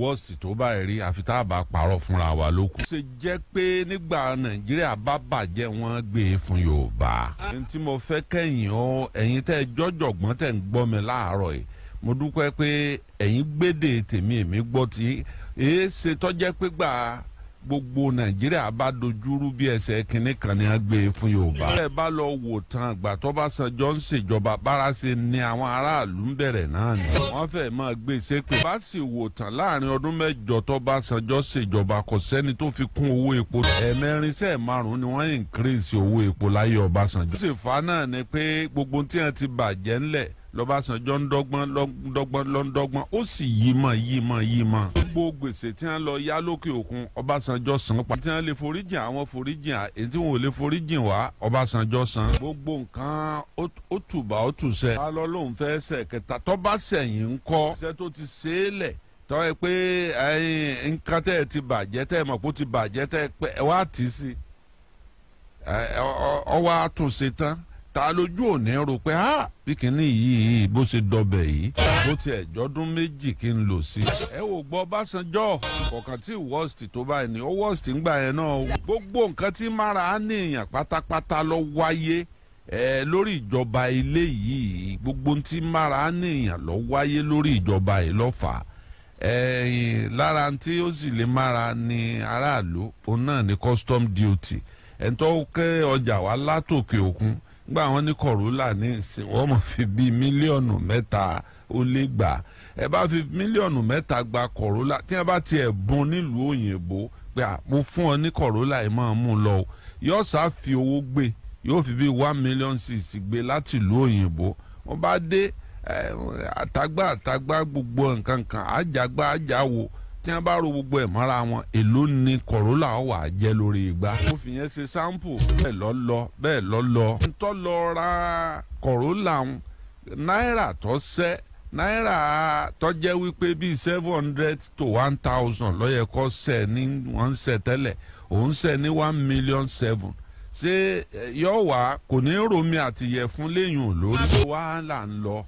wọ́ọ̀sì tó báyìí rí àfi tá a bá parọ́ fúnra wa ló kù. ṣe jẹ́ pé nígbà nàìjíríà bá bàjẹ́ wọn gbé e fún yorùbá. ẹni tí mo fẹ́ kẹ́yìn o ẹ̀yin tẹ́ jọ́jọ̀gbọ́n tẹ́ ń gbọ́ mi láàárọ̀ yìí mo dúpẹ́ pé ẹ̀yin gbédè tèmi èmi gbọ́ ti èé ṣe tọ́jẹ́ pé gbà gbogbo nàìjíríà bá dojúrú bí ẹsẹ̀ kínní kan ní agbè e fún yorùbá. ilé bá lọ wò tán ìgbà san jọ ń bára ṣe ni àwọn aráàlú ń bẹ̀rẹ̀ náà ni. wọ́n fẹ́ máa gbé sépè. E bá sì wò tán láàrin ọdún mẹ́jọ tó san jọ ṣèjọba kò sẹ́ni tó fi kún owó epo. ẹ̀ẹ̀mẹrin sẹ́ẹ̀ márùn-ún ni wọ́n ń increase owó epo láyé Ọbásanjọ́. ó sì fa náà ni pé gbogbo tí wọ́n ti bàjẹ́ ńlẹ̀ lọ́básanjọ́ ń dọ́gbọ́n lọ́dọ́gbọ́n lọ́dọ́gbọ́n ó sì yí mọ̀ yí mọ̀ yí mọ̀. gbogbo gbèsè tí wọ́n lọ yá lókè òkun ọbásanjọ́ san pa. tí wọ́n lè foríjìn àwọn foríjìn à èyí tí wọ́n ò lè foríjìn wá ọbásanjọ́ san. gbogbo nǹkan ó tùbà ó tùsẹ̀. a lọ lóun fẹ́ ṣe kẹta tó bá sẹ̀yìn ń kọ́. iṣẹ́ tó ti ṣe é lẹ̀ tọ́ ẹ pé nǹkan tẹ́ ẹ ti bàjẹ́ tẹ́ ẹ mọ̀ pé ó ti bàjẹ́ tẹ́ ẹ wá tì í sí. ọwọ́ àtúnṣe tán ta lójú òní rò pé á bí kínní yìí bó ṣe dọbẹ̀ yìí bó tiẹ̀ jọ́dún méjì kí n lò sí. ẹ wò gbọ́ Ọbásanjọ́ kọ̀ọ̀kan tí worst tó báyìí ni ó worst ń gbà yẹn náà gbogbo nǹkan tí mara ní èèyàn pátápátá lọ wáyé ẹ lórí ìjọba ilé yìí gbogbo tí mara ní èèyàn lọ wáyé lórí ìjọba yìí lọ fà á lára tí ó sì lè mára ni aráàlú òun náà ni custom duty ẹ̀ńtọ́ kẹ́ ọjà wá látòkè òkun gba àwọn ní Corolla ní ìsìn wọ́n mọ̀ fi bíi mílíọ̀nù mẹ́ta ó lé gbà ẹ bá fi mílíọ̀nù mẹ́ta gba Corolla tí wọ́n bá tiẹ̀ bùn nílùú òyìnbó pé mo fún ọ ní Corolla ẹ̀ máa mú un lọ yóò sá fi owó gbé yóò fi bíi one million six gbé láti ìlú òyìnbó wọ́n bá dé àtàgbà àtàgbà gbogbo nǹkan kan àjàgbà àjàwò tí wọ́n bá ro gbogbo ẹ̀ mọ́ra wọn èló ni Corolla wà jẹ́ lórí igbá. mo fi yẹn ṣe sampo bẹ́ẹ̀ lọ́lọ́ bẹ́ẹ̀ lọ́lọ́ n tọ́ lọ ra Corolla náírà tó sẹ́ náírà tó jẹ́ wípé bíi seven hundred to one thousand lọ́yẹ̀ kọ́ ní wọ́n ń tẹ́lẹ̀ òun sẹ̀ ní one million seven ṣé yọ̀ wá kò ní romi àtìyẹ̀ fún léyìn olórí. wàhálà ń lọ.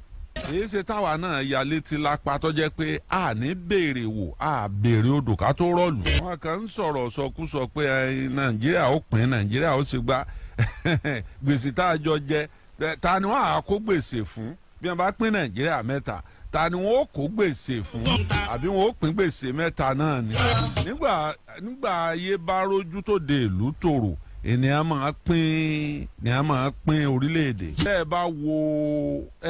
èyí ṣe táwa náà ya létí lápá tó jẹ́ pé a ní béèrè wò a béèrè odò ká tó rọ̀lù. wọn kàn ń sọ̀rọ̀ sọkúsọ pé nàìjíríà ó pín nàìjíríà ó sì gba gbèsè tá a jọ jẹ ta ni wọn á kó gbèsè fún bí wọn bá pín nàìjíríà mẹ́ta ta ni wọn ó kó gbèsè fún àbí wọn ó pín gbèsè mẹ́ta náà ni. nígbà nígbà ayé bá rójú tó de ìlú tòrò ènìyàn máa pín ènìyàn máa pín orílẹ̀-èdè. tẹ́ ẹ bá wo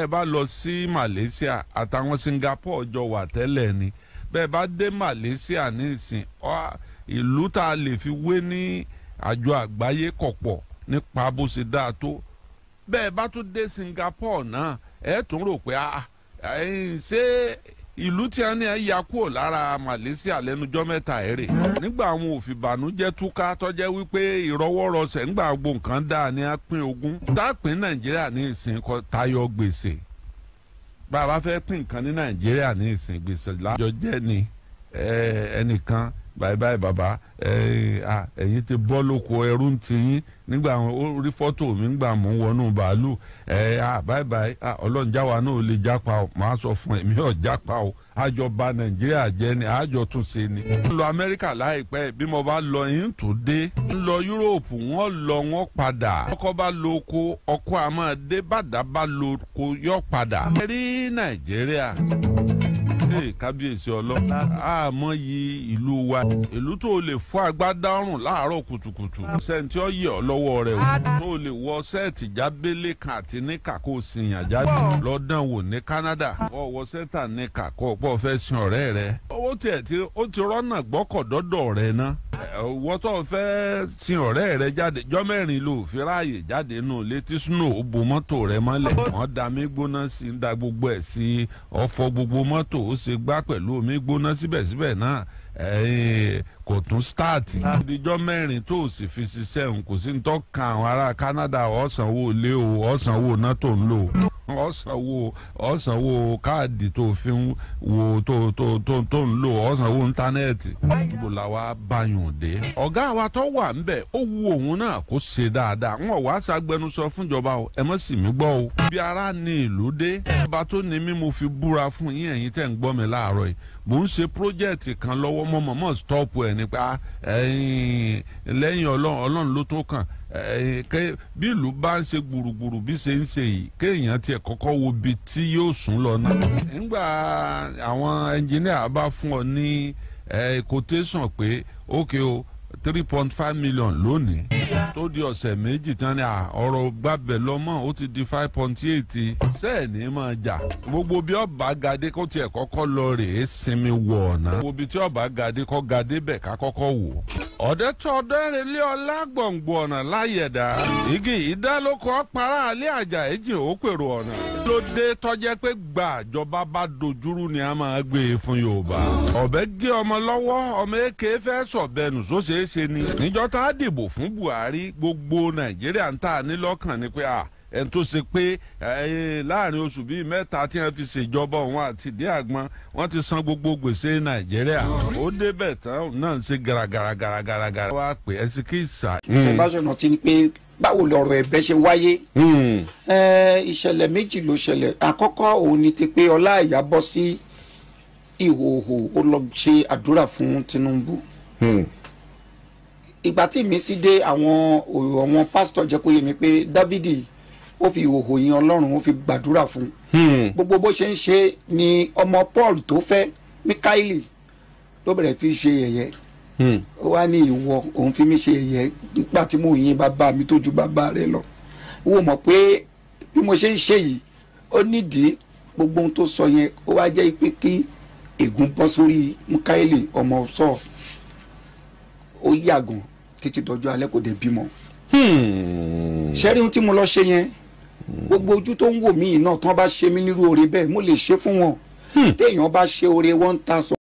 ẹ bá lọ sí Malaysia àtàwọn Singapore jọ wà tẹ́lẹ̀ ni bẹ́ẹ̀ bá dé Malaysia ní ìsìn ìlú tá a lè fi wé ní àjọ àgbáyé kọ̀pọ̀ nípa bó ṣe dáa tó bẹ́ẹ̀ bá tún dé Singapore náà ẹ̀ tún rò pé ah, ah, ṣé ìlú tí a ní ẹ ya kúrò lára Malaysia lenujo meta ere. nigba nígbà àwọn òfìbànújẹ́ túká tọ́jẹ́ wípé ìrọwọ́rọsẹ̀ ńgbà gbogbo nǹkan dá ní a pín ogún tá a pín Nàìjíríà ní ìsìn kọ tayọ gbèsè bá a bá pín nǹkan ní Nàìjíríà ní ìsìn gbèsè lájọ ni ẹnìkan. Eh, báyìí báyìí bàbá ẹ̀yin ti bọ́ lóko ẹrú ti yín nígbà ó rí fọ́tò mi nígbà mò ń wọnú bàálù báyìí ọlọ́run jáwa náà ò lè jápa o màá sọ fún ẹ̀mí ọ̀ jápa o àjọ nàìjíríà jẹ́ ni àjọ tún ṣe ni. lọ amẹ́ríkà láìpẹ́ bí mo bá lọ yín dé lọ lọ wọ́n padà. kábíyèsí ọlọ́run àmọ́ yí ìlú wa ìlú tó lè fọ́ agbádá láàárọ̀ kùtùkùtù sẹ́ńtì ọlọ́wọ́ rẹ̀ tó lè wọ sẹ́ẹ̀tì jábélé kan àti níkà kó o sì yàn jáde lọ́dàn wò ní Canada wọ́n wọ sẹ́ẹ̀tà níkà kó o pọ̀ fẹ́ sin ọ̀rẹ́ rẹ̀ owó tiẹ̀ tí ó ti rọ́nà gbọ́kọ̀ dọ́dọ̀ ná wọ́n tó fẹ́ sin ọ̀rẹ́ rẹ̀ jáde jọ́mẹ́rin ló fi ráàyè jáde nù létí snow ó mọ́tò mọ́lẹ̀ wọ́n gbóná sí da gbogbo ẹ̀ sí ọ̀fọ̀ gbogbo mọ́tò ó ṣe gbá pẹ̀lú omi gbóná síbẹ̀síbẹ̀ náà kò tún stáàtì. Ah. ìdíjọ́ mẹ́rin tó sì fi ṣiṣẹ́ n kò sí ní tọ́ kan àwọn ará Canada ọ̀sánwó lé o ọ̀sánwó náà tó ń lò ọ̀sánwó ọ̀sánwó káàdì tó fi ń wo tó tó tó tó ń lò ọ̀sánwó íńtánẹ́ẹ̀tì. níbo la wá báyùn dé. ọ̀gá wa tó wà ń bẹ̀ ó wu òun náà kó ṣe dáadáa wọn wá ṣàgbẹnusọ fúnjọba o ẹ mọ̀ sí mi gbọ́ o. ibi ara ni ìlú dé. ọba tó ní mí mo fi búra fún yín ẹ̀yin tẹ̀ ń gbọ́ mi láàárọ̀ yìí mò ń ṣe pírójẹ́ẹ̀tì kan lọ́wọ́ mọ́mọ́ mọ́ stọ́ọ̀pù ẹ̀ nípa ẹ̀yìn lẹ́yìn ọlọ́run ọlọ́run ló tó kàn Eh, bí ìlú bá ń ṣe gbùrùgbùrù bí ṣe ń ṣe yìí kéèyàn tiẹ̀ kọ́kọ́ wo ibi tí yóò sùn lọ náà. nígbà àwọn ẹnjìníà bá fún ọ ní eh, quotation pé ókè o three point five million lónìí tó di ọ̀sẹ̀ méjì tán ni ọ̀rọ̀ gbàbẹ̀ lọ́mọ́ ó ti di five point eight sẹ́ẹ̀ni máa jà gbogbo bí ọba gadé kó tiẹ̀ kọ́kọ́ lọ rèé sinmi wọ̀ ọ̀nà gbogbo bí ọba gadé kọ́ gadé bẹ̀ ká kọ́kọ́ wò. ọ̀dẹ́tọ̀ ọ̀dẹ́rẹ́lẹ́ ọlá gbọ̀ngbò ọ̀nà láyẹ̀dá igi ìdálóko ọ̀pára alẹ́ àjà èjì òpèrò ọ̀nà lóde tọ́jẹ́ pé gbàjọba bá dojúrú ni a máa gbé e fún Yorùbá ọ̀bẹ gé ọmọ lọ́wọ́ ọmọ èké fẹ́ sọ̀bẹnu sóṣèṣe ni níjọ́ tá a dìbò fún Buhari gbogbo Nàìjíríà ń tà ní lọ́kàn ni pé a. ẹni tó ṣe pé láàrin oṣù bíi mẹ́ta tí wọ́n fi ṣèjọba òun àti ìdí àgbọn wọ́n ti san gbogbo gbèsè nàìjíríà ó débẹ̀ tán náà ń ṣe gàràgàrà gàràgàrà gàrà wá pé ẹ sì kí ìsà. tẹ̀básọ̀nà ti ní pé báwo lọ̀rọ̀ ẹ̀bẹ̀ ṣe wáyé hmm. ìṣẹ̀lẹ̀ méjì ló ṣẹlẹ̀ àkọ́kọ́ òun ni ti pé ọláìyá bọ́ sí ìhòòhò ó lọ ṣe àdúrà fún Tinubu hmm. ìgbà tí mi sì dé àwọn àwọn pásítọ̀ jẹ́ kó yé mi pé Dávidi ó fi ìhòhò yin ọlọ́run ó fi gbàdúrà fún un hmm. gbogbo bó ṣe ń ṣe ni ọmọ Paul tó fẹ́ Míkáílì ló bẹ̀rẹ̀ fi ṣe yẹ̀yẹ́ hmm. ó wá ní ìwọ òun fi mí ṣe yẹ̀yẹ́ nígbà tí mo yin bàbá mi tó ju bàbá rẹ lọ wò mọ̀ pé bí mo ṣe ń ṣe yìí ó nídìí gbogbo ohun tó sọ yẹn ó wá jẹ́ pé kí ègún bọ́ sórí Míkáílì ọmọ Sọ́ọ̀ ó yàgàn títí dọjọ́ alẹ́ kò dé bímọ. Hmm. ṣẹ́rí ohun tí mo lọ ṣe yẹn gbogbo ojú tó ń wò mí náà tán bá ṣe mí nírú oore bẹ́ẹ̀ mo lè ṣe fún wọn hmm. téèyàn bá ṣe oore one thousand